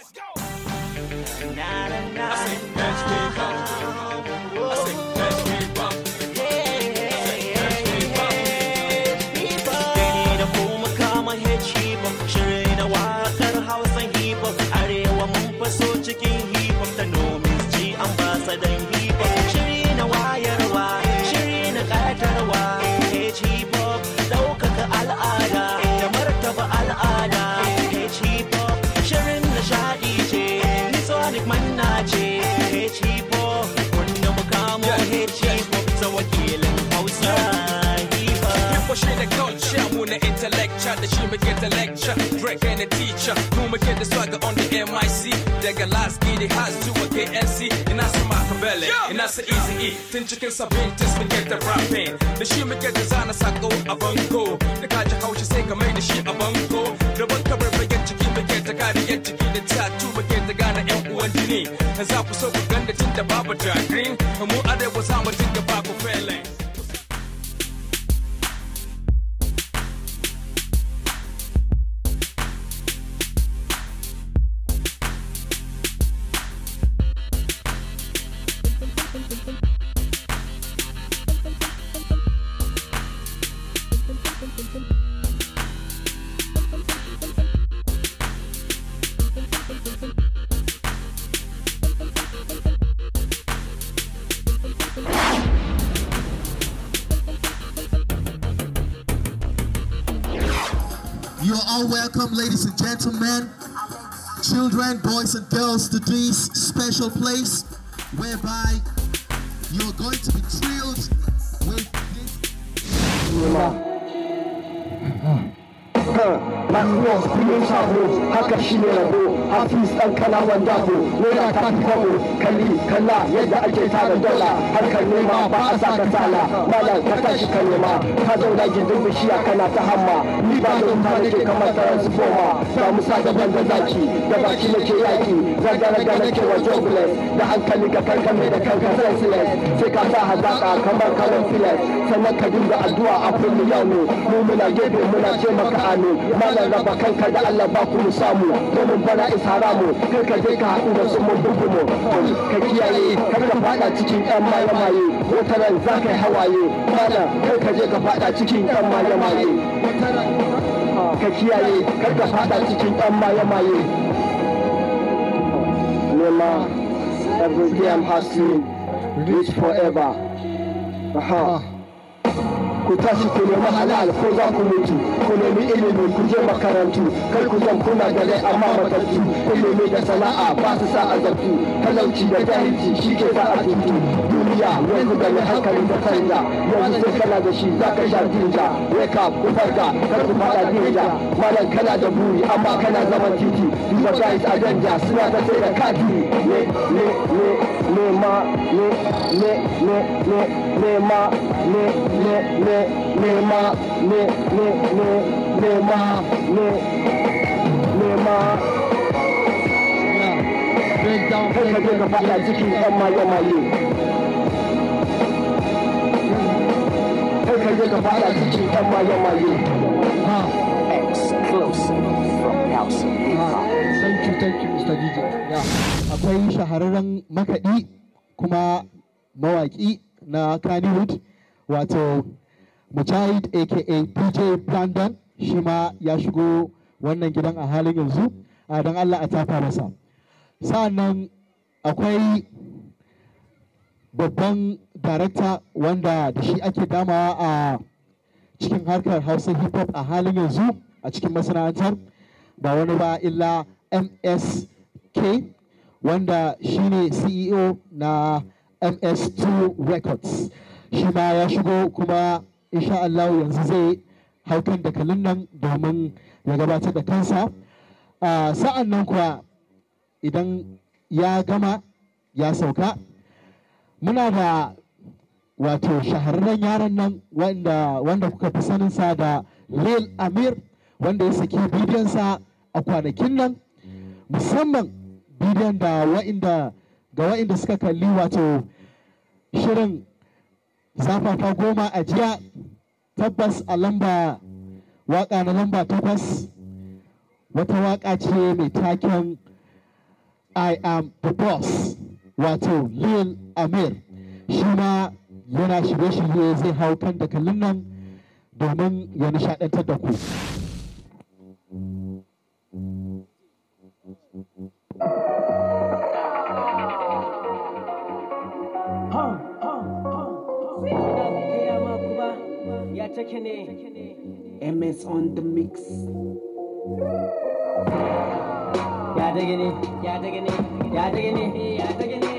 Let's go. Na, na, na, Numa get the lecture, Drake and the teacher. Who Numa get the swagger on the MIC. They're Daga last they has to a KNC. And that's a Machiavelli, and that's an easy E. Tin chicken sabin, just me get the rapping. The shima get the zana sako a bungo. The kaja haushi say ka mai da shi a bungo. Da banka barba get ciki me get the kari get to ciki the tattoo me get the gana yan uwan jini. Za ku so ku ganda tun da babu jagrin. Mu arewa za mu dinga are all welcome, ladies and gentlemen, children, boys and girls, to this special place whereby you're going to be thrilled with this. kan partners kudin sabo haka shi ne rabo hafiz dan kana wanda ko naira ta fi kwabo kalli kalla yadda ake tara dala harkar nema ba a sa kasala mala ka tashi ka nema ka zauna gindin bishiya kana ta hamma ni ba da wuta nake kamar boma ba mu sa daban da zaki da baki nake yaki zagaraga nake wa jobless da hankali ka kankame da kanka senseless sai ka sa hazaka kamar kawan filet sannan ka dinga addu'a a kullum yau mu muna gefe muna ce maka amin malam da ba kanka da Allah ba ku samu domin bana is haramu kai ka je ka haɗu da su mun ka kiyaye kar ka fada cikin ɗan malamaye wata ran za ka yi hawaye malam kai ka je ka fada cikin ɗan malamaye ka kiyaye kar ka fada cikin ɗan malamaye Nema, every game has seen, rich forever. Aha. Uh -huh. ku tashi ku nemi halal ko za ku mutu ku nemi ilimi ku je makarantu kar ku zan kuna da dai amma matattu nemi da sana'a ba su sa azabtu talauci da jahilci shi ke sa a tuntu tarbiyya yanzu da yi hankali da sanya yanzu sai kana da shi za ka sha jinja ya up ku farka kar ku fada jinja malam kana da buri amma kana zaman titi duba guys a danja suna ta sai da kati ne ne ne ne ma ne ne ne ne ne ma ne ne ne ne ma ne ne ne ne ma ne ne ma breakdown. Let's make ka fire chicken on maye on ka je ka ah. ah. thank you thank you mr dj akwai shahararren makaɗi kuma mawaƙi na kannywood wato mujahid aka pj brandon shi ma ya shigo wannan gidan a halin yanzu a ah, don allah a tafa masa nan akwai babban darakta wanda da shi ake damawa a cikin harkar hausa hip hop a halin yanzu a cikin masana'antar ba wani ba illa msk wanda shi shine ceo na ms2 records shi ma ya shigo kuma insha Allah yanzu zai haukan da kalin nan domin ya gabatar da kansa sa'an nan kuwa idan ya gama ya sauka muna da wato shahararren yaran nan wanda wanda kuka fi sanin sa da Lil Amir wanda ya saki sa a kwanakin nan musamman bidiyon da wa'inda ga wa'inda suka kalli wato shirin zafafa goma a jiya tabbas a lamba waka na lamba takwas wata waka ce mai taken I am the boss wato Lil Amir shi ma yana shirye-shirye zai hau kan takallun nan domin ya nishadantar da ku. MS on the mix. Ya dage ne, ya dage ne, ya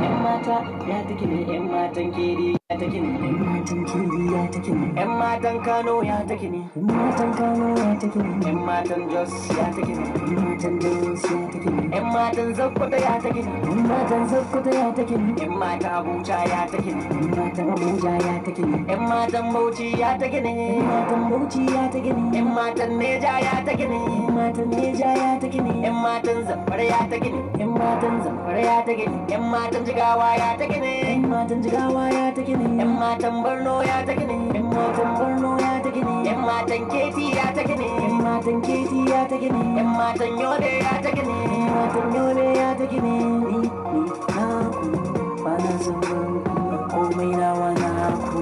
'yan mata ya tiki mai 'yan matan keri take ne matan kirji ya take ne yan matan kano ya take ne matan kano ya take ne yan matan jos ya take ne matan jos ya take ne yan matan zakkwata ya take ne matan zakkwata ya take ne yan matan abuja ya take ne matan abuja ya take ne yan matan bauchi ya take ne matan bauchi ya take ne yan matan neja ya take ne matan neja ya take ne yan matan zamfara ya take ne yan matan zamfara ya take ne yan matan jigawa ya take ne yan matan jigawa ya take ne gini yan matan Borno ya ta gini yan matan Borno ya ta gini yan matan Keti ya ta gini yan matan Keti ya ta gini yan matan Yobe ya ta gini yan matan Yobe ya ta gini ni ni na ku bana son ban komai na wana ku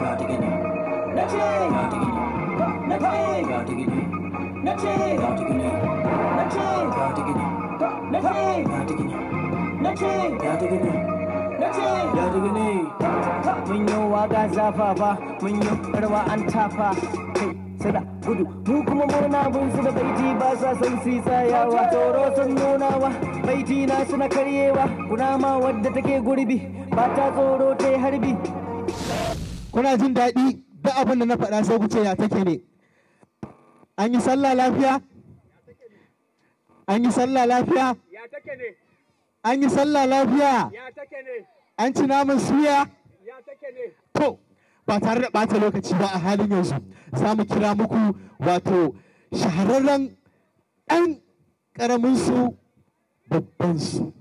ya ta gini na ce ya ta gini na ce ya ta gini na ce ya ta gini na ce ya ta gini na ce ya ta gini na ce ya ta gini da rigini mun yi waga zafafa mun yi rawa an tafa kai suna gudu mu kuma murna mun su da baiti ba sa san si tsayawa tsoro sun nuna wa baiti na suna karyewa ma wadda take gurbi ba ta tsoro ta yi harbi kuna jin daɗi da abin da na faɗa sai ku ce ya take ne an yi sallah lafiya an yi sallah lafiya an yi sallah lafiya ya take ne an ci naman suya to ba tare da ɓata lokaci ba a halin yanzu za mu kira muku wato shahararren ɗan ƙaramin su babban su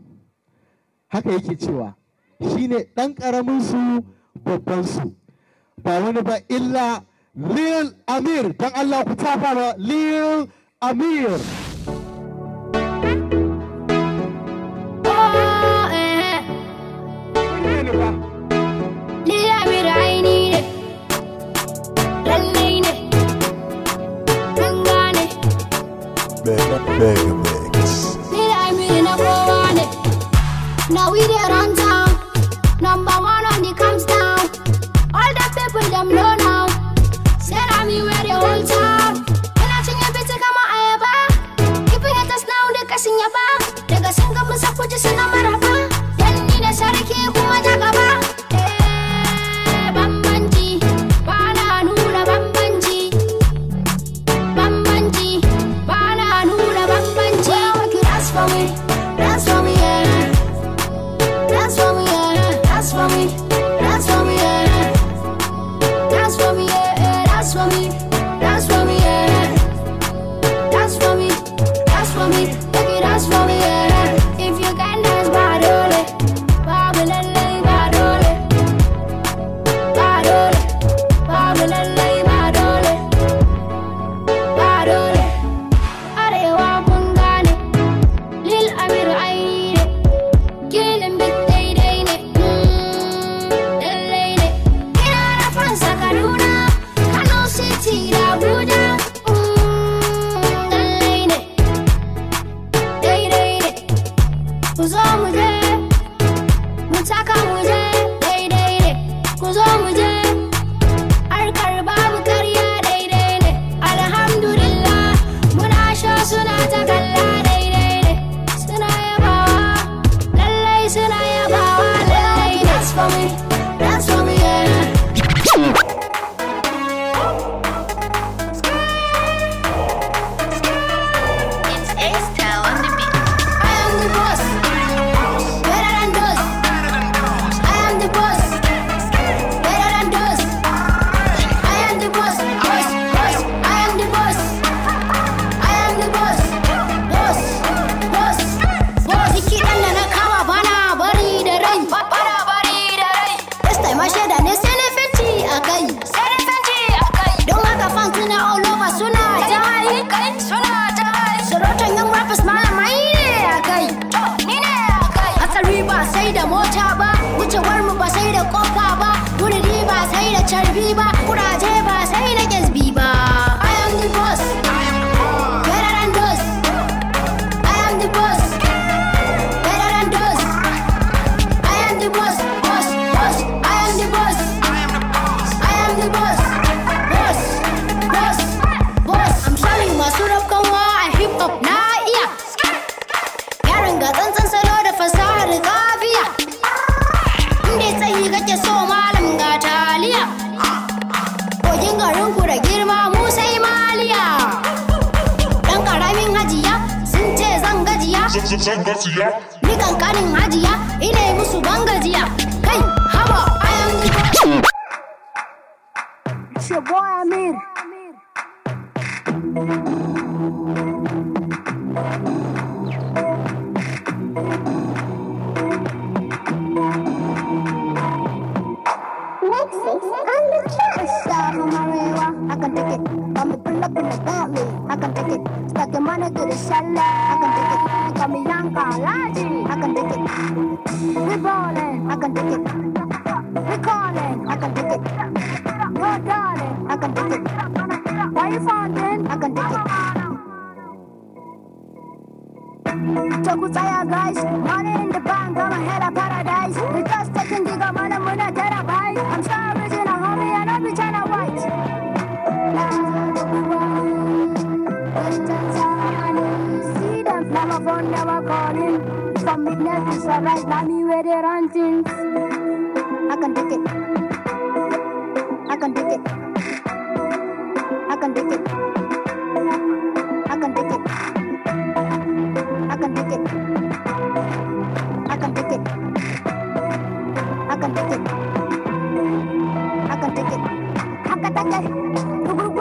haka yake cewa shine ɗan ƙaramin su babban su ba wani ba illa lil amir don allah ku tafa ba lil amir Mega Mix. Now we there run down. number one on the comes down. All the people them know. mu je mu taka mu daidai ne ku zo mu sandarsiya Nikan kanin hajiya ina musuh musu bangajiya Hey, hawa, ayan It's your boy Amir the I can take it. I'm a pull up in the Bentley. I can take it. Stuck your money to the shallow. I can take it. Milan Kalaji. I can take it. We ballin', I can take it. We callin', I can take it. Yo, darling, I can take it. Why you fallin', I can take it. saya guys, money in the bank, gonna head of paradise. just taking the money, muna terabyte. I'm so rich in a homie, and I'll be trying phone never calling. Some business is alright, now me where they run things. I can take it. I can take it. I can take it. I can take it. I can take it. I can take it. I can take it. I can take it. I can take it.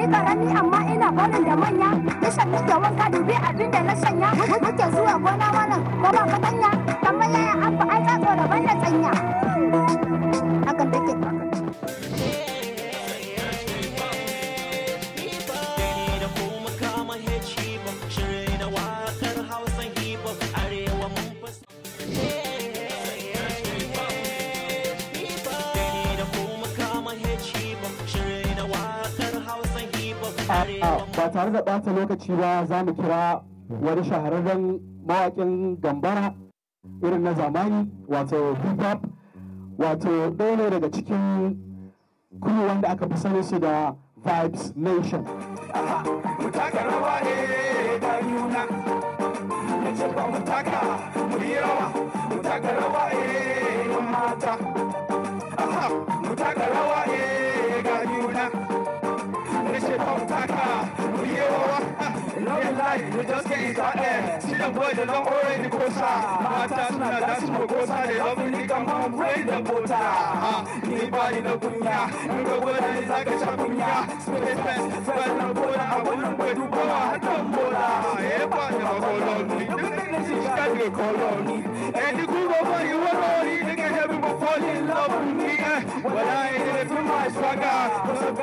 ni karami amma ina barin da manya ni shafi da wanka dubi abin da na sanya muke zuwa gona wannan ko ba fatanya kamar yaya an tsatso tsoro ban da tsanya ba tare da ɓata lokaci ba za mu kira wani shahararren mawaƙin gambara irin na zamani wato hip hop wato ɗaya ne daga cikin kuma wanda aka fi sani su da vibes nation mutaka rawa eh ga shit from Taka. We ain't alright. Love and life, we're just getting started. See the boy, they don't already closer. My that's not that's They love me, come on, break the Ah, Anybody no kunya. You go where it is like a shakunya. Space fence, spread the bola. I wouldn't to go. I do I'm a colon. You can make this shit. You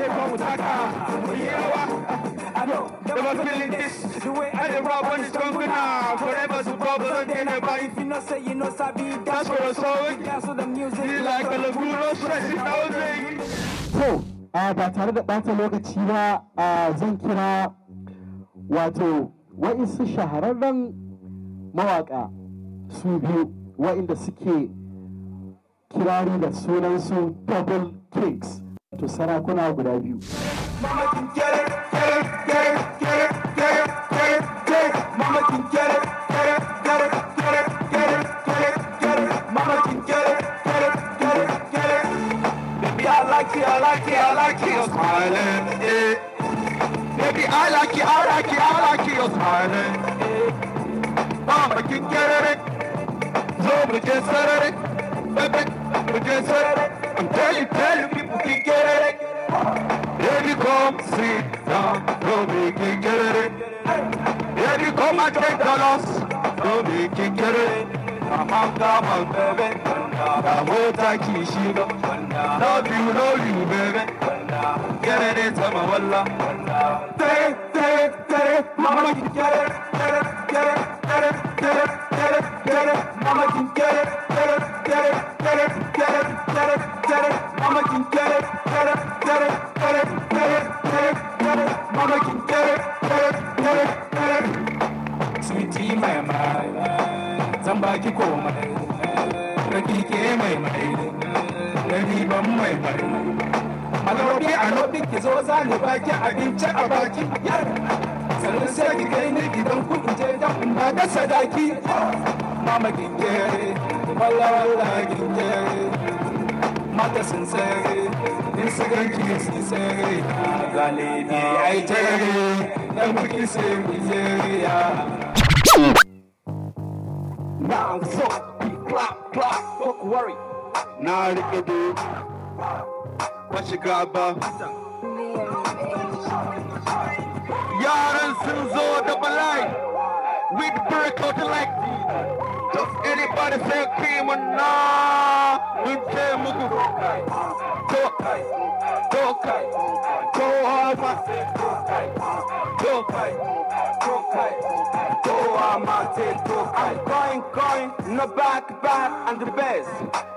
they come with Taka. But you know what? I know. They was feeling this. The way I the rob is gone now. Forever to bubble and then about. If you not say you know Sabi, that's what I'm saying. That's what the music is like. A lagoon, stressing out there. So, ba tare da ɓata lokaci ba zan kira wato wa'insu shahararren mawaƙa su biyu wa'inda suke kirari da sunansu double kings to sarakuna guda biyu. I like it, I like it, you're smiling. Baby, I like it, I like it, I like it, you're smiling. Eh. Mama eh. can get it. So we just it. Eh. Baby, we just said it. I'm telling you, telling you. Kikere. Baby, come sit down from the Kikere. Baby, come and take the loss from the Kikere. Mama, come on, baby. Come on, take Kishido. Love you, love you, baby. Get it, Tama Walla. Tere, tere, tere. Mama, get it, get it, get it, get Mama, get it, get it, get it, get it, get it, get it. Mama sadaki mama ginge wala wala ginge mata sun tsere in su ganki sun ai tere dan baki sai mu zeriya Now so clap clap fuck worry na rike do ba shiga ba yaran sun zo da bala'i with break out like does anybody say Kima na? Minte mugu. Go, go, go, go, go, the back, back and the best.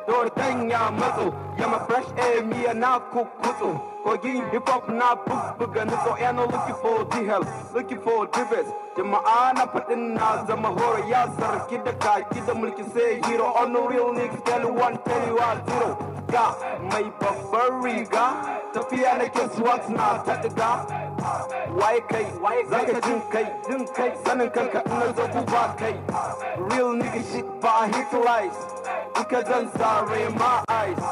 Don't hang your muscle. you my fresh air, me and now cook muscle. Go game hip hop na book bugan so and looking for the hell looking for the best my the jama'a na fadin na zama hore ya sarki da kaki da mulki sai hero on oh, the real niggas tell you one tell you all zero ga mai babbar riga tafiya nake swat na ta diga YK, kai zaka jin kai jin kai sanin kanka in na zo real nigga shit ba hit lies am zan sare my eyes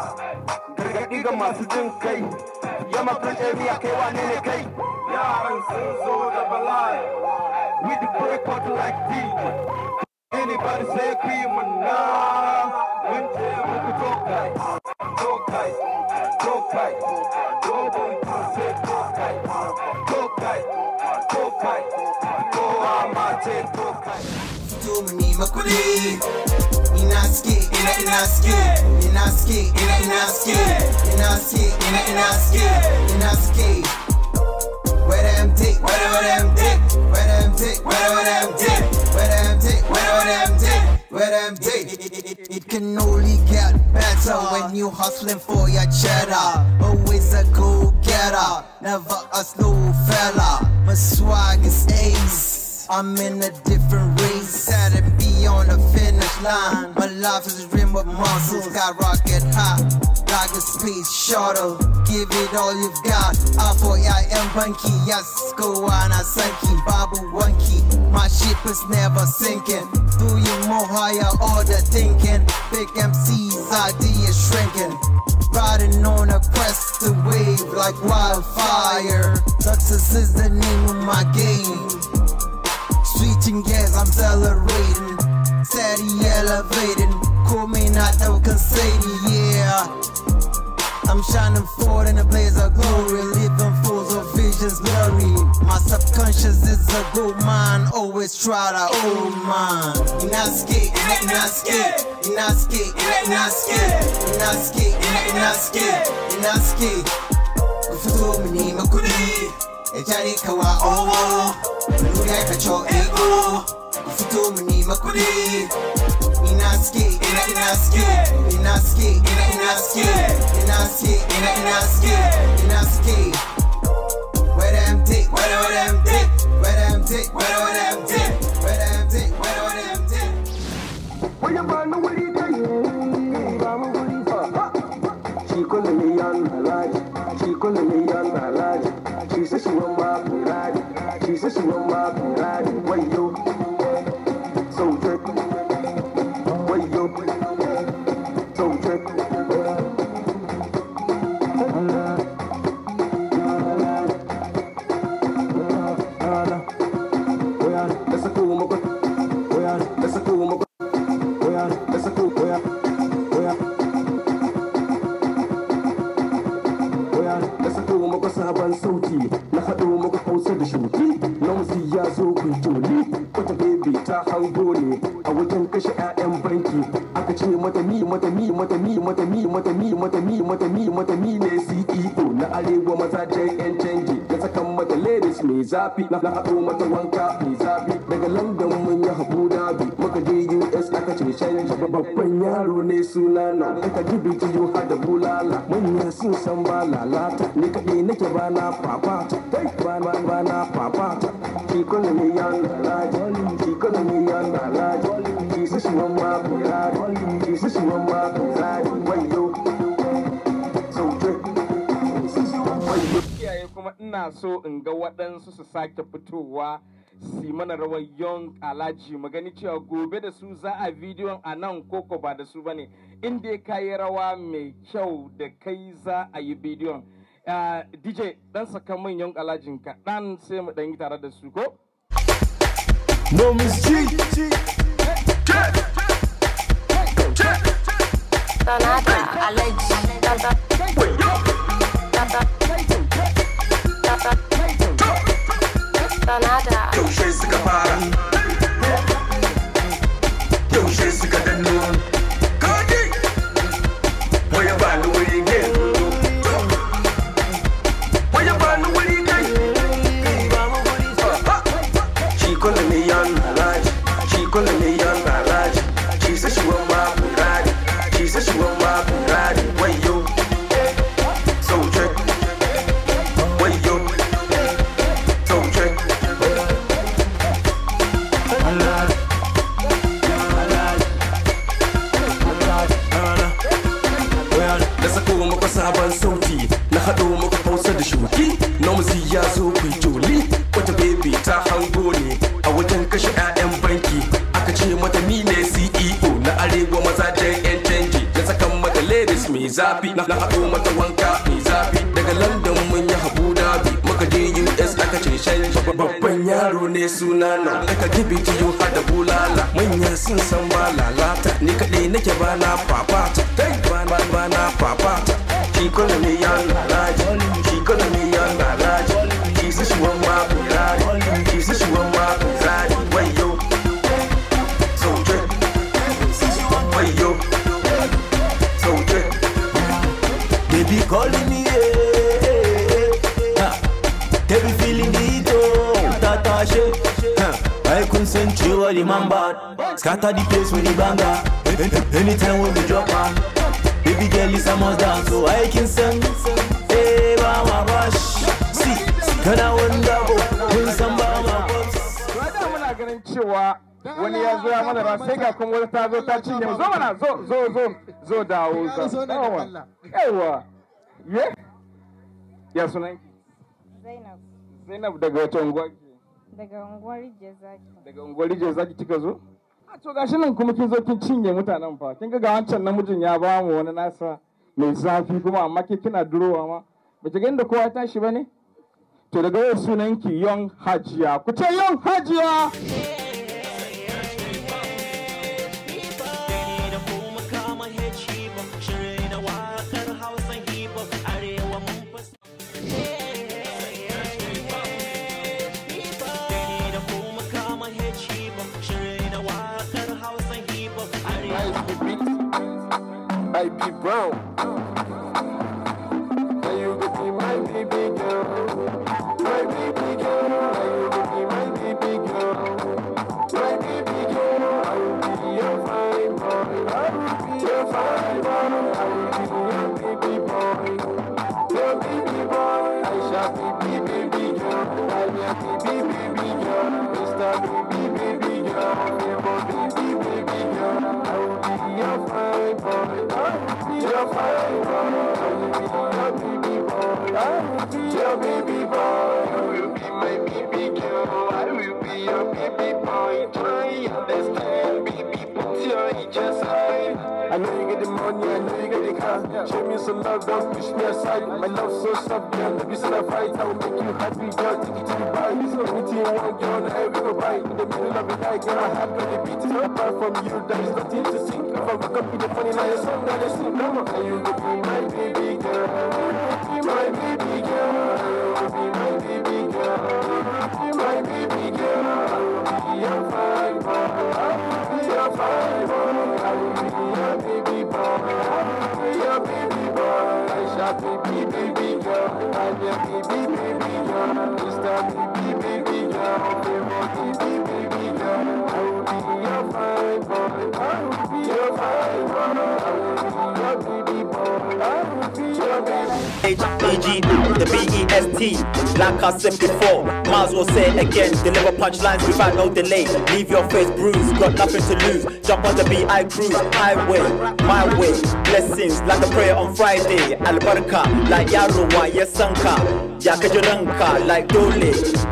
gargaɗi ga masu jin kai yamma french area kai wane ne kai yaran sun zo da bala'i we the boycott like demon anybody say demon na mun ce muku talk guys talk guys talk guys makuri inaski ina inaski inaski ina inaski inaski ina inaski inaski where them dick where where them dick where them dick where where them dick where them dick where where them dick where them dick it can only get better when you hustling for your cheddar always a go getter never a slow fella my swag is ace I'm in a different race. Had to be on the finish line. My life is dream with muscles. Got rocket high, like a space shuttle. Give it all you've got. I for I am bunky. Yes, go on, I sanky. Babu wonky. My ship is never sinking. Do you more higher order thinking? Big MC's idea shrinking. Riding on a crest to wave like wildfire. Success is the name of my game. Switching gears, I'm celebrating. Steady elevating. Call me not no conceding, yeah. I'm shining forward in a blaze of glory, living fools of visions blurry. My subconscious is a gold mine, always try to own mine. Inaski, inaski, inaski, inaski, inaski, inaski, inaski. Kufutu mnima kuli ejari kawa owo nuri aka cho ego ku fito mu inaski ina inaski inaski ina inaski inaski ina inaski inaski where them dick where where them dick where them dick where where them dick where them dick where where them dick where she me on the right she calling me said she want my body. She said she want my body. What you? zafi na haɗo mata wanka mai zafi daga london mun yi da bi. muka je us aka ce canji babban yaro ne suna na daga gibi jiyo har da bulala manya sun san ba lalata ni kaɗai nake ba na fafata ba na ba na fafata ki kuna ne yan lalaji ki kuna ne yan lalaji ki su shi wamma kurari ki su shi wamma kurari wayo sauke kuma ina so in waɗansu su sake fitowa si mana rawar yon alhaji magani cewa gobe da su za a bidiyon a nan koko ba da su bane inda ka yi rawa mai kyau da kai za a yi bidiyon ah, dj dan saka min ka kaɗan sai mu yi tare da su ko Sonata, Tata, Tata, para nada. eu para. I you all the man bad Scatter the place with the banger Anytime when we drop on Baby girl is a must dance So I can send Hey, mama rush See, can I wonder When some mama ganin cewa wani ya zo ya mana ba sai ga kuma wani ta zo ta cinye mu zo mana zo zo zo zo dawo zo yawa ye ya sunan Zainab Zainab daga Daga unguwar Rijiyar Zaki. Daga unguwar Rijiyar Zaki kika zo? A ah, to gashi nan kuma kin zo kin cinye mutanen fa. Kin ga ga wancan namijin ya ba mu wani nasa mai zafi kuma amma ke kina durowa ma. Ba ki ga inda kowa tashi ba ne? To daga yau sunanki Young Hajiya. Ku ce Hajiya! might be brown. Your baby boy, your baby boy, I will be my baby girl. I will be your baby boy. Try understand, baby. Put your ages high. I know you get the money. I know you yeah. Show me some love, don't push me aside. My love so soft, girl. If you said I fight, I will make you happy, girl. Take it to the bar. This is me team one, girl. I have no In the middle of the night, girl, I have to beat it. Apart from you, there is nothing to sink. If I wake up in the morning, I am so not a sink. Come on, you could be my baby girl. happy, baby girl. I'm happy, baby girl. baby girl. baby the B-E-S-T. Like I said before, might as well say it again. Deliver punchlines without no delay. Leave your face bruised, got nothing to lose. Jump on the B.I. cruise, highway, my way. Blessings like a prayer on Friday. Albarka, like Yaruwa, Yesanka. Ya kajuranka like dole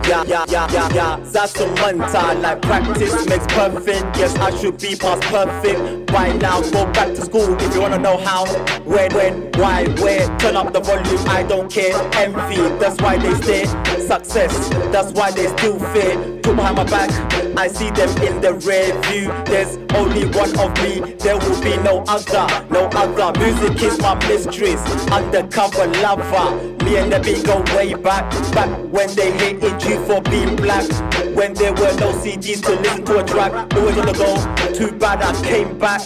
Ya ya ya ya ya Zasumanta like practice makes perfect Yes I should be past perfect Right now go back to school if you wanna know how When when why where Turn up the volume I don't care, envy, that's why they stay. Success, that's why they still fear. Put behind my back, I see them in the rear view. There's only one of me, there will be no other, no other. Music is my mistress, undercover lover. Me and the beat go way back, back when they hated you for being black. When there were no CDs to listen to a track, always on the go. Too bad I came back.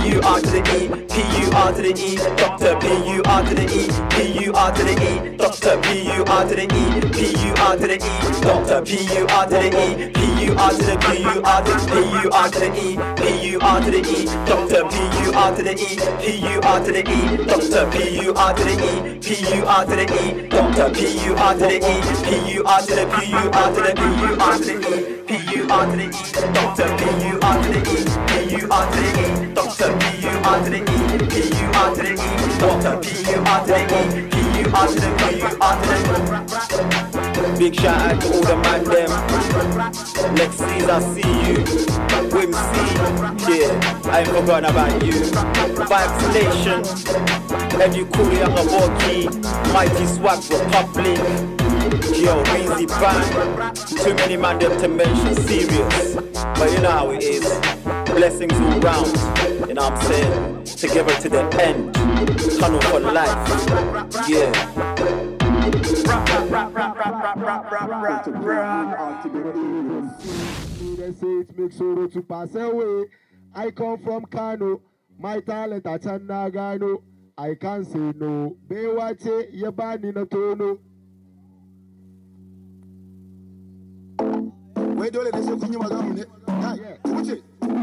P-U-R to the E, P-U-R to the E, Doctor P-U-R to the E, P-U-R to the E, Doctor P-U-R to the E, P-U-R to the E, Doctor P-U-R to the E, P-U-R to the P-U-R to the P-U-R to the E, P-U-R to the E, Doctor P-U-R to the E, P-U-R to the E, Doctor P-U-R to the E, P-U-R to the E, Doctor P-U-R to the E, P-U-R to the P-U-R to the P-U-R to the E, P-U-R to the E, Doctor P-U-R to the E, P-U-R to the E, Doctor Doctor P U R to the E, P U R to the E, Doctor P U R to the E, P U R to the P U R to the Big shout out to all the man them. Next season I see you. Wim yeah, I ain't forgotten about you. Vibes Nation, and you cool young Aboki, Mighty Swag Republic. Yo, Winzy Band. Too many man them to mention serious. But you know how it is. Blessings all round, you know what I'm saying? Together to the end, tunnel for life, yeah. to pass away. I come from Kano, my talent at Nagano. I can't say no. Be Bewache, Yabani Natono. Wai dole da sai kun yi magana ne. Kai, ku wuce.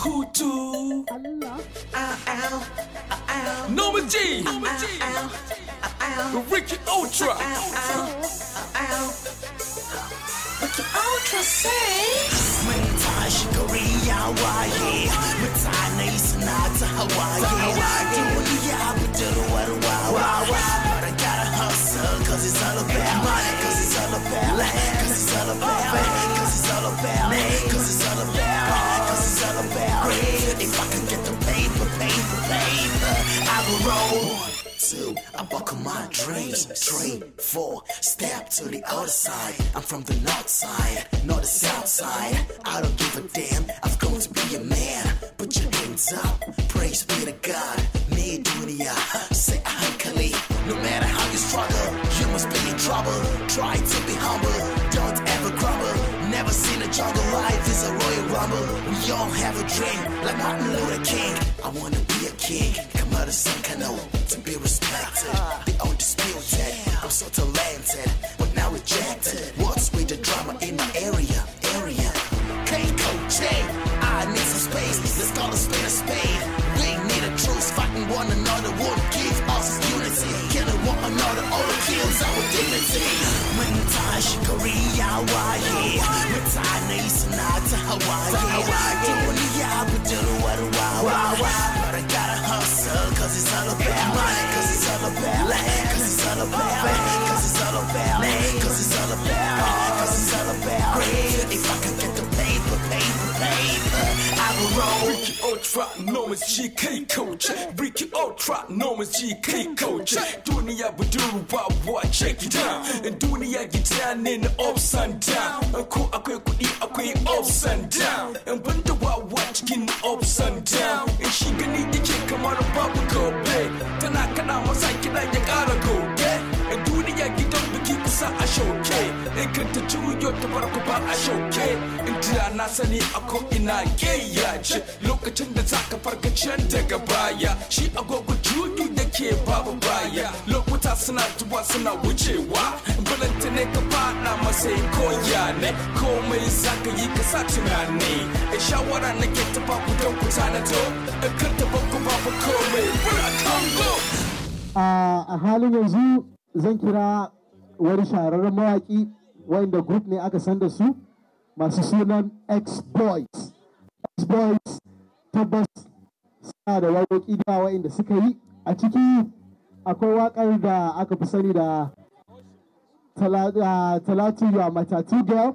Hutu. Norma G. Ricky Ultra. Ricky Ultra say. Mintash Korea Hawaii. Mutane Sanata Hawaii. Dunia Buduruwaru Wawa. But I gotta hustle, cause it's all about money, cause it's all about land, cause it's all about, cause it's all about, cause it's all about it's all about Great, if I can get the paper, paper, paper I will roll One, two, I buckle my dreams Three, four, step to the other side I'm from the north side, not the south side I don't give a damn, I've grown to be a man Put your hands up, praise be to God Me, dunya, say hankali No matter how you struggle, you must be in trouble Try to be humble, don't ever crumble never seen a jungle life. It's a royal rumble. We all have a dream, like Martin Luther King. I wanna be a king, come out of some canoe to be respected. They all disputed. I'm so talented, but now rejected. What's with the drama in my area? Area. Keiko I need some space. Let's call a spade a spade. We need a truce, fighting one another. Won't give us unity. Killing one another, all kills our dignity. Mentai Shikari Yawaii. about me. Cause it's all about me. Cause it's all about me. Cause it's all about me. If I could get the paper, paper, paper, I would roll. Ricky Ultra, no as GK Coach. Ricky Ultra, no as GK Coach. Dunia Baduru, Wawa, check it down. And Dunia get down in the ups and down. And ko akwai kuɗi akwai ups and down. And banda Wawa cikin ups and down. And shi gani take kamar babu gobe. Tana kana masa kiɗa ya ƙara gobe. sa a shauke in kan ta juyo ta farko ba a shauke in tira na sani a ko ina gayya ce lokacin da zaka farka can daga baya shi agogo da ke babu baya lokuta suna tuba suna wucewa balanta ne ka fada masa koya ne komai zaka yi ka sa tunani e e a shawara na ke ta baku don na to in kan ta baku babu komai a halin yanzu zan kira wani shahararren mawaƙi wanda group ne aka san da su masu sunan X-Boys. X-Boys tabbas suna da waƙoƙi da wa'inda suka yi a ciki akwai waƙar da aka fi sani da ah, Talatu ya Matatu Girl.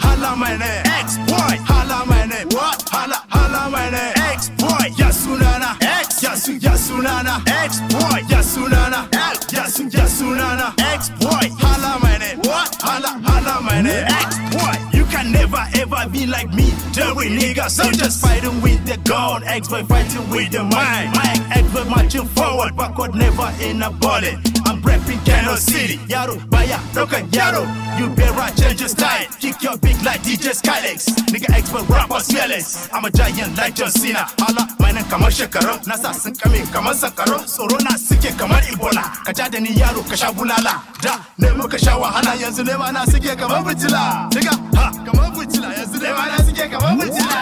hala meine Ex-Boy, hala meine What? Hala, hala meine Ex-Boy, Yasunana, Ex, Yasun, Yasunana, Ex-Boy, Yasunana, Ex, Yasun, Yasunana, Ex-Boy, hala meine What? Hala, hala meine Ex-Boy. can never ever be like me. Jerry niggas, i just fighting with the gun, expert fighting with the mind. Mike, expert marching forward, backward never in a bullet. I'm prepping Kano City, Yaro, Baya, Rokan Yaro. You better change your style, kick your big like DJ Skylex. Nigga, expert rappers fearless. I'm a giant like John Cena. Allah, my name kamar shekaru, nasa sun kame kamar sakaro, tsoro na Ibola. kamar Ebola. Ka yaro ka da ne muka sha wahala yanzu ne ma na suke kamar fitila diga ha kamar fitila yanzu ne ma na suke kamar fitila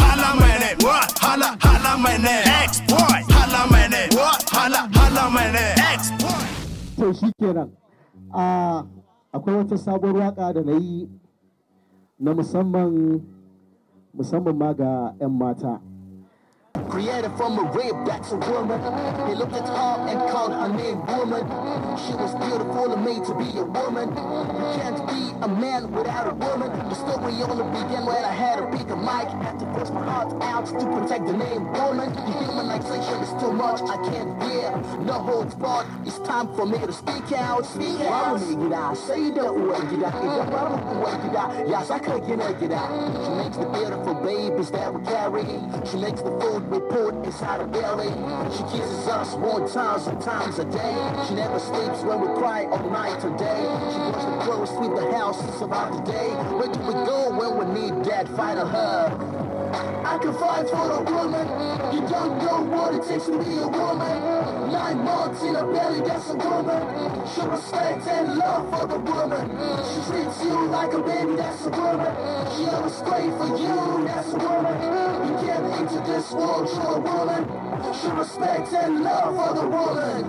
hala my name what hala hala my name ex boy hala my name what hala hala my name ex boy to shikenan a akwai wata sabuwar waka da na yi na musamman musamman ma ga 'yan mata Created from a real black woman. He looked at her and called her name woman. She was beautiful and made to be a woman. You can't be a man without a woman. The story only began when I had to pick a mic. Had to force my heart out to protect the name woman. The humanization is too much, I can't bear. No holds barred, it's time for me to speak out. Speak out. Say the word, get out. It's the word, get out. Yes, I could get out. She makes the beautiful babies that we carry. She makes the food we put inside her belly. She kisses us more times than times a day. She never sleeps when we cry all night or day. She wants to close, sweep the house, it's about the day. Where do we go when we need Dad, Fight or her? I can fight for a woman. You don't know what it takes to be a woman. Nine months in a belly, that's a woman. Show respect and love for the woman. She treats you like a baby, that's a woman. She always pray for you, that's a woman. You can't enter this world to a woman. Show respect and love for the woman.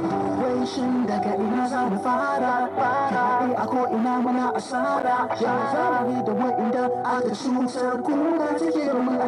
get in Washin I'm za mu fara fara ako ina muna asara ya zama da wa'inda aka cutar kuma take mu a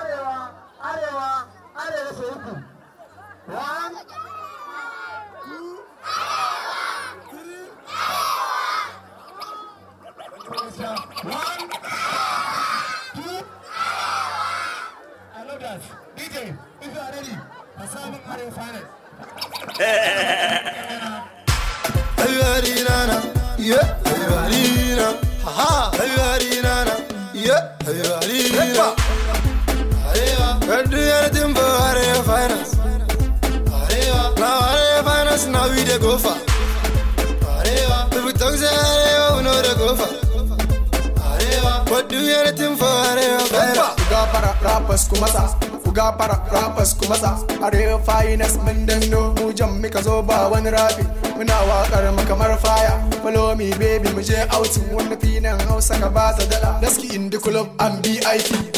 we kumasa. ku gafara rappers ku matsa are finest mun danno mu jan muka zo ba wani rafi muna wakar mu kamar faya follow me baby mu je outing wani finan hausa ka ba ta dala daski in the club and bip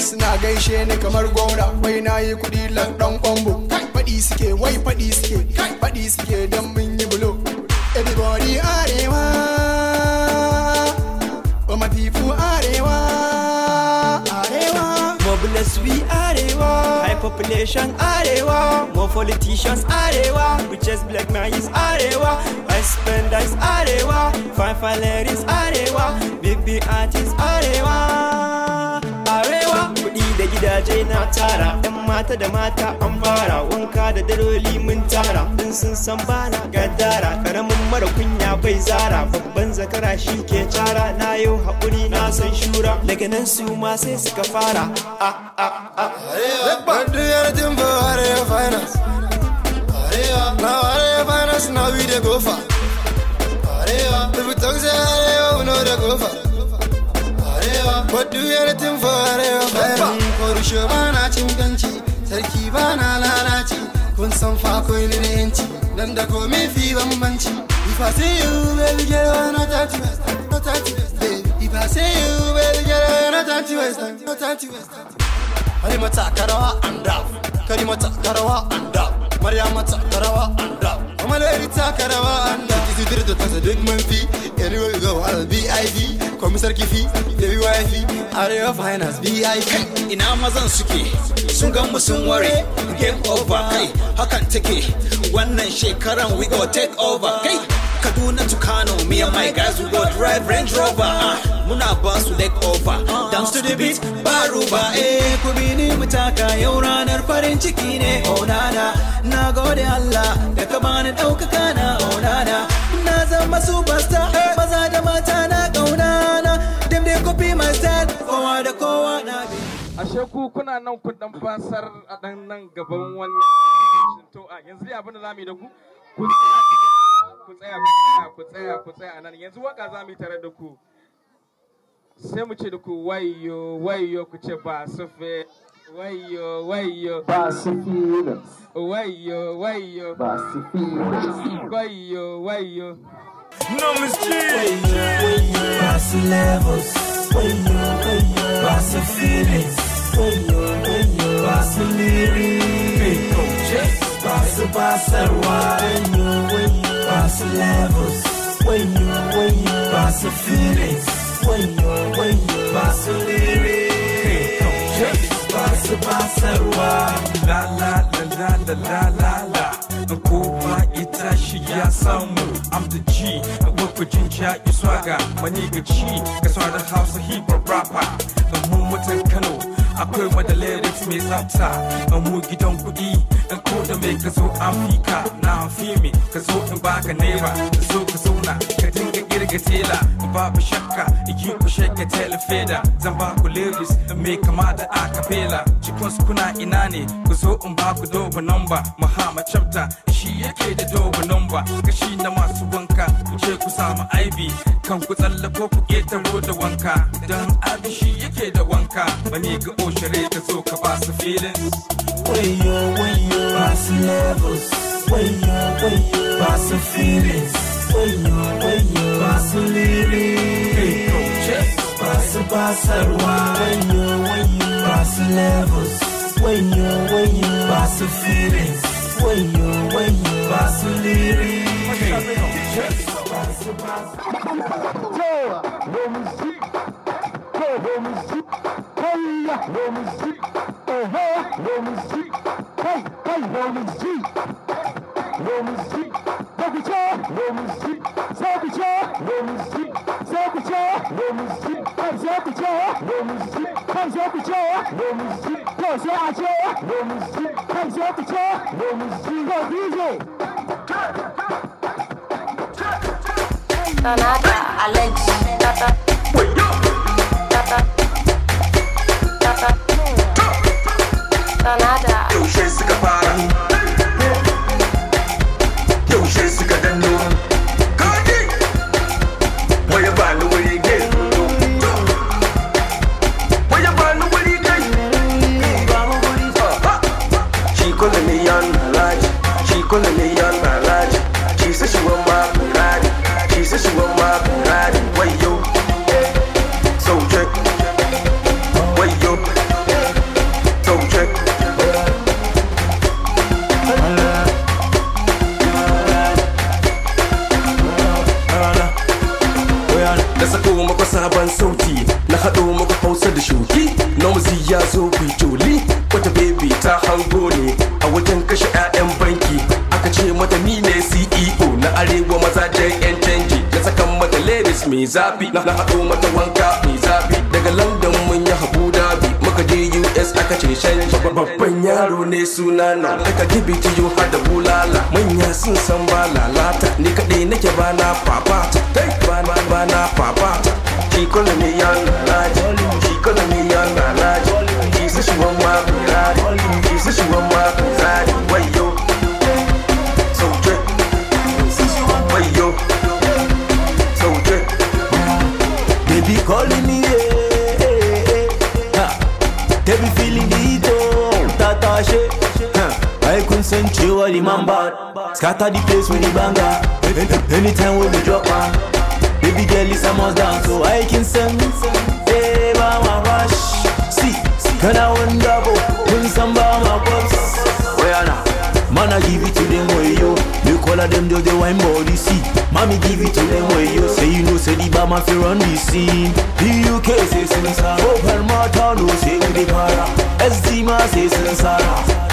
suna gaishe ni kamar gona wai nayi kudi lan dan kwambo faɗi suke wai faɗi suke faɗi suke dan mun yi bulo everybody arewa population arewa more politicians arewa witches black man is arewa expenders arewa fine fine ladies arewa big big artists arewa gidaje na tara dan mata da mata an fara wanka da daloli mun tara din sun san bana gadara karamin mara kunya bai zara babban zakara shi ke tara. na yau haƙuri na san shura daga nan su ma sai suka fara a a a Now I Arewa, Arewa, yaushe ba na cin ganci sarki ba na lalaci kun san fa akwai ni yanci nan da komai fi bambanci if i see you baby girl not that you not that you if i see you baby girl not that you not that you karimata karawa and up karimata karawa and up Mata karawa and malari taka rawa an da ki sidir da tasa duk man fi anywhere go kifi baby wifi arewa finance VIP ina mazan suke sun gan mu sun ware game over kai hakan take wannan shekaran we go take over kai Kaduna to Kano, me and my guys will go drive Range Rover. Ah, muna ba leg over, dance to the beat, baruba. Eh, ku bi ni mutaka yau ranar farin ciki ne, oh nana, na gode Allah. ɗaukaka na aunana na zama superstar eh, maza da mata na ƙaunana dem dey copy my kowa da kowa na bi ashe ku kuna nan kun dan fasar a dan nan gaban wannan to a yanzu dai abin da zamu yi da ku ku tsaya ku tsaya ku tsaya nan yanzu waka zamu yi tare da ku sai mu ce da ku wayo wayo ku ce ba sufe yo, yo, Wayo, wayo. Bassi Felix. Wayo, wayo. Bassi Felix. yo, wayo. Numbers G. Bassi Levels. yo, yo, yo, yo, feelings. Bassi Felix. Bassi Liri. Bassi Bassarwa. Bassi Levels. yo, yo, yo, feelings. Bassi Felix. Bassi Liri. masu basarwa la la la la la la la kowa ita shi ya samu I'm the G gwagwajin ja iswaga mani gaci ga da hausa hip hop rapper mu mutan Kano akwai wada lyrics mai tsafta mu gidan kuɗi dan ko da mai ka zo afirka na fi ka zo in baka naira ka zo ka zauna ka dinga kirga tela babu shakka iki ku shakka tela feda zan ba ku lyrics mai kama da acapella cikin kuna ina ne ku zo in ba ku doba number muhammad chapta shi yake da doba number kashi na masu wanka ku ce ku samu ivy kan ku tsallako ku ketaro da wanka dan abi shi yake da wanka bane ga oshare ka zo ka ba su feelings wayo wayo Passing levels, way up, way up. the feelings, way up, way up. Passing lyrics, passing passarwa, way up, way up. the levels, way up, way up. the feelings, way up, way up. Passing lyrics. Yo, vamos, vamos, vamos. Hallelujah. Romans G. Uh-huh. Romans G. Hey, hey, Romans G. Romans G. Take a charge. Romans G. Take a charge. Romans G. Take a charge. Romans G. Take a charge. Romans G. Take a charge. Romans G. Take a charge. Romans G. Take a charge. Romans G. Go DJ. Tanaka, Alex, Tata. nada. Eu já se escaparam. zafi na hado mata wanka mai zafi daga london mun yi habu dabi muka je us aka ce shan babban yaro ne suna na daga gibi tiyo har da bulala manya sun san ba lalata ni kaɗai nake ba na fafata ba na papa k'i kullu ne yanga. the man bad. Scatter the place with the banger. Anytime when we drop man, baby girl is a must dance. So I can send, hey, mama rush. See, can I win double? Win some mama bucks. Where now? Man, I give it to them way yo. They call them do they wine body see. Mommy give it to them way yo. Say you know say the bama fi run the scene. The UK say sinsara. Open my town, no say we the para. SD ma say sinsara.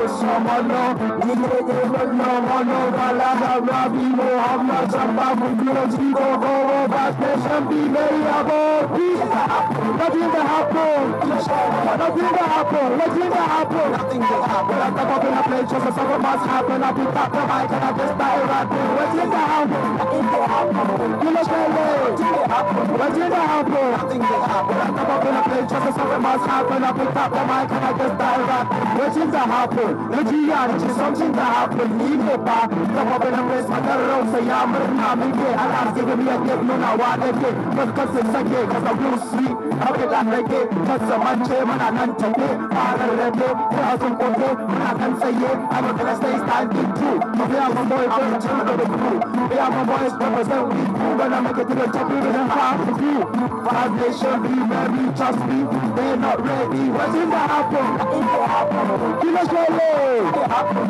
Shamano, Yidreke Bagno, Mano, Nothing will happen. Nothing will happen. Nothing will happen. Nothing will happen. Nothing will happen. Nothing I'm up in a place, just a summer must happen. Nothing i happen. Nothing back to bike and I just started happen. Nothing will happen. Nothing will happen. You look happen. Nothing will happen. Nothing will happen. Nothing will happen. Nothing I'm up in a place, just a summer must happen. Nothing i happen. Nothing back to bike and I just started happen. Nothing will happen. Nothing will happen. Something will happen. Leave it back. happen. Nothing in a place, my girl, so y'all, but i happen. Nothing here. I'll ask you to be a gift. No, no, why they get. Because it's happen. Nothing daga yusri abin an rage tasamance muna nan tafe farar rabe sai a kote muna kan tsaye amurka stay standing true we have my boys represent the crew. We have my boys represent we. Gonna make it to the top, even if I have to do. Five nation, be merry, trust me. They're not ready. Waiting to happen. Nothing will happen. Kill What's slowly.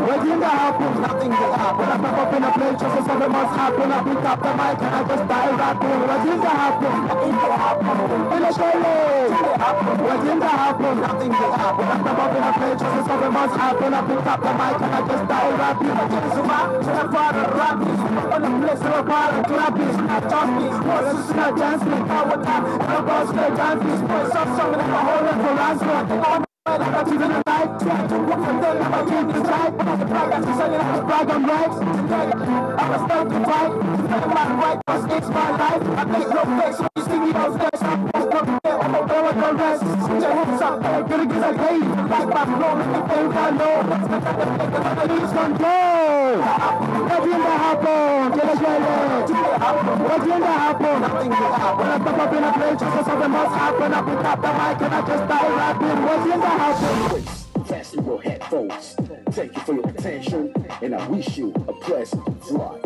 Waiting to happen. Nothing will happen. When I pop up in a plane, trust yourself, it must happen. I pick up the mic and I just die rapping. Waiting to happen. Nothing will happen. Kill us slowly. Waiting to happen. Nothing will happen. When I pop up in a plane, trust yourself, it must happen. I pick up the mic and I just die rapping zuma na fara rabi wani place na fara krabi na tafi wasu not even a light, yeah, to walk and then I'm a king to try. I'm a I'm I'm a I'm right. I'm a to fight, I'm right, it's my life. I make no face, when you see me, those days, I'm Throw it no rest, get your hips up, gonna get a the The go. in the happen, get it ready. in the happen. When I pop up in a place, just something must happen. I pick up the mic and I just start rapping. What's in the happen? fasten your headphones. Thank you for your attention, and I wish you a pleasant flight.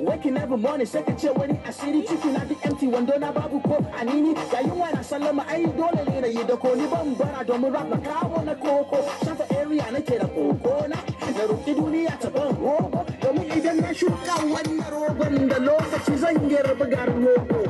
Waking every morning, second chair when I see the chicken at the empty one, don't have babu pop, and in it, yeah, you wanna salama, I ain't dole in a yedoko, ni bambara, don't rap like I wanna coco, shut the area and I get a coco, na, na, na, na, na, na, na, na, domin idan na shuka wannan rogon da lokaci zan girbi garnoko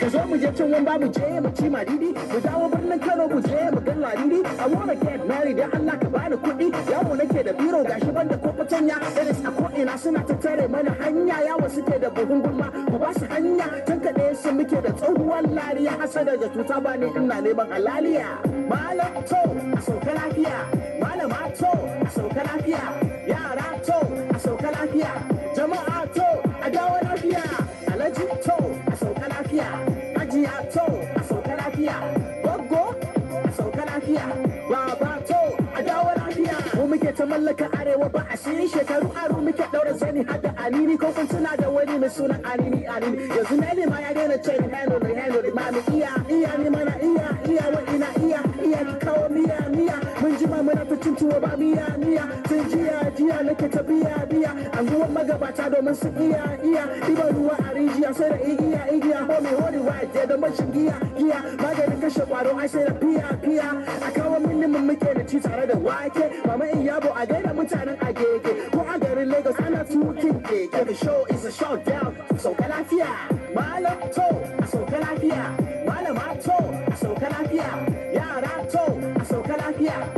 ka zo mu je can wanda mu je mu ci madidi mu dawo birnin Kano mu je mu ga ladidi I wanna get married dan Allah ka bani kuɗi yawo nake da biro gashi banda ko fatanya iris a ko ina suna ta tare mana hanya yawo suke da buhun gulma ku ba hanya tun kaɗe su muke da tsohuwar lariya hasada da tuta ba ne ina neman halaliya malam to a sauka lafiya malama to a sauka lafiya yara to lafiya jama'a to a dawo lafiya I'm a sauka lafiya ajiya to ta mallaka arewa ba a shiri shekaru aro muke daura zani har da anini ko kun tuna da wani mai suna anini anini yanzu na ne ma ya daina ce ni hano ni hano ma mami iya iya ni mana iya iya wa ina iya iya ki kawo miya miya mun ji ma muna fitin tuwo ba miya miya sun jiya jiya nake ta biya biya zuwa magabata domin su iya iya ɗiban ruwa a rijiya sai da igiya igiya homi hori wa ajiye da mashin giya giya maganin kashe kwaro ai sai da piya piya a kawo mini mun muke da ci tare da wake mama in yabo ko a daina mutanen a gege ko a garin lagos ana tukin keke the show is a short down sauka lafiya malam to a sauka lafiya malama to a sauka lafiya yara to a sauka lafiya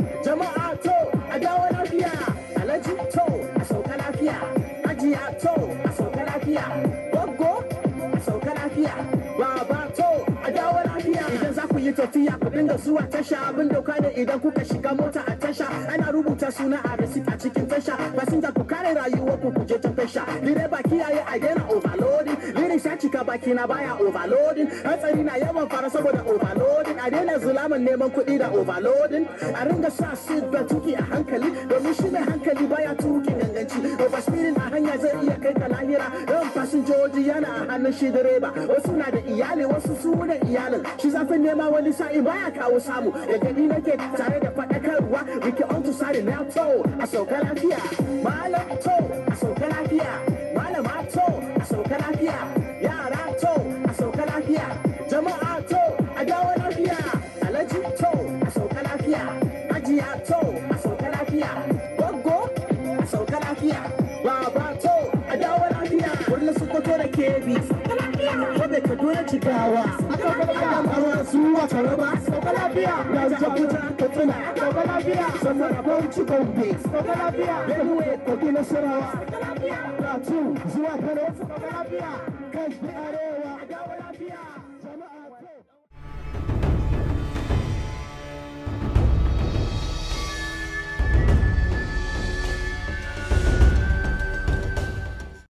tafiya ku dinga zuwa tasha abin doka ne idan kuka shiga mota a tasha ana rubuta suna a receipt a cikin tasha fasinja ku kare rayuwar ku ku je can tasha direba kiyaye a daina overloading lirin sha cika baki na baya overloading hatsari na yawan fara saboda overloading a daina zulaman neman kuɗi da overloading a ringa sa seat belt tuki a hankali domin shi mai hankali baya tuki ganganci overspeeding a hanya zai iya kai ka lahira yawan fasinjoji yana a hannun shi direba wasu na da iyali wasu su da iyalin shi zafin nema wani wani sa'i baya kawo samu da gani nake tare da faɗakarwa rike on to sari na to a sauka lafiya malam to a sauka lafiya malama to a sauka lafiya yara to a sauka lafiya jama'a to a dawo lafiya alhaji to a sauka lafiya hajiya to a sauka lafiya gwaggo a sauka lafiya baba to a dawo lafiya wurin sokoto da kebi kada ka dole cikawa da gaba hawa su wata raba sauka lafiya da jabuta ka tsina sauka lafiya sannan bauchi gombe sauka lafiya benue kogi nasarawa plateau zuwa kano sauka lafiya kashi arewa dawo lafiya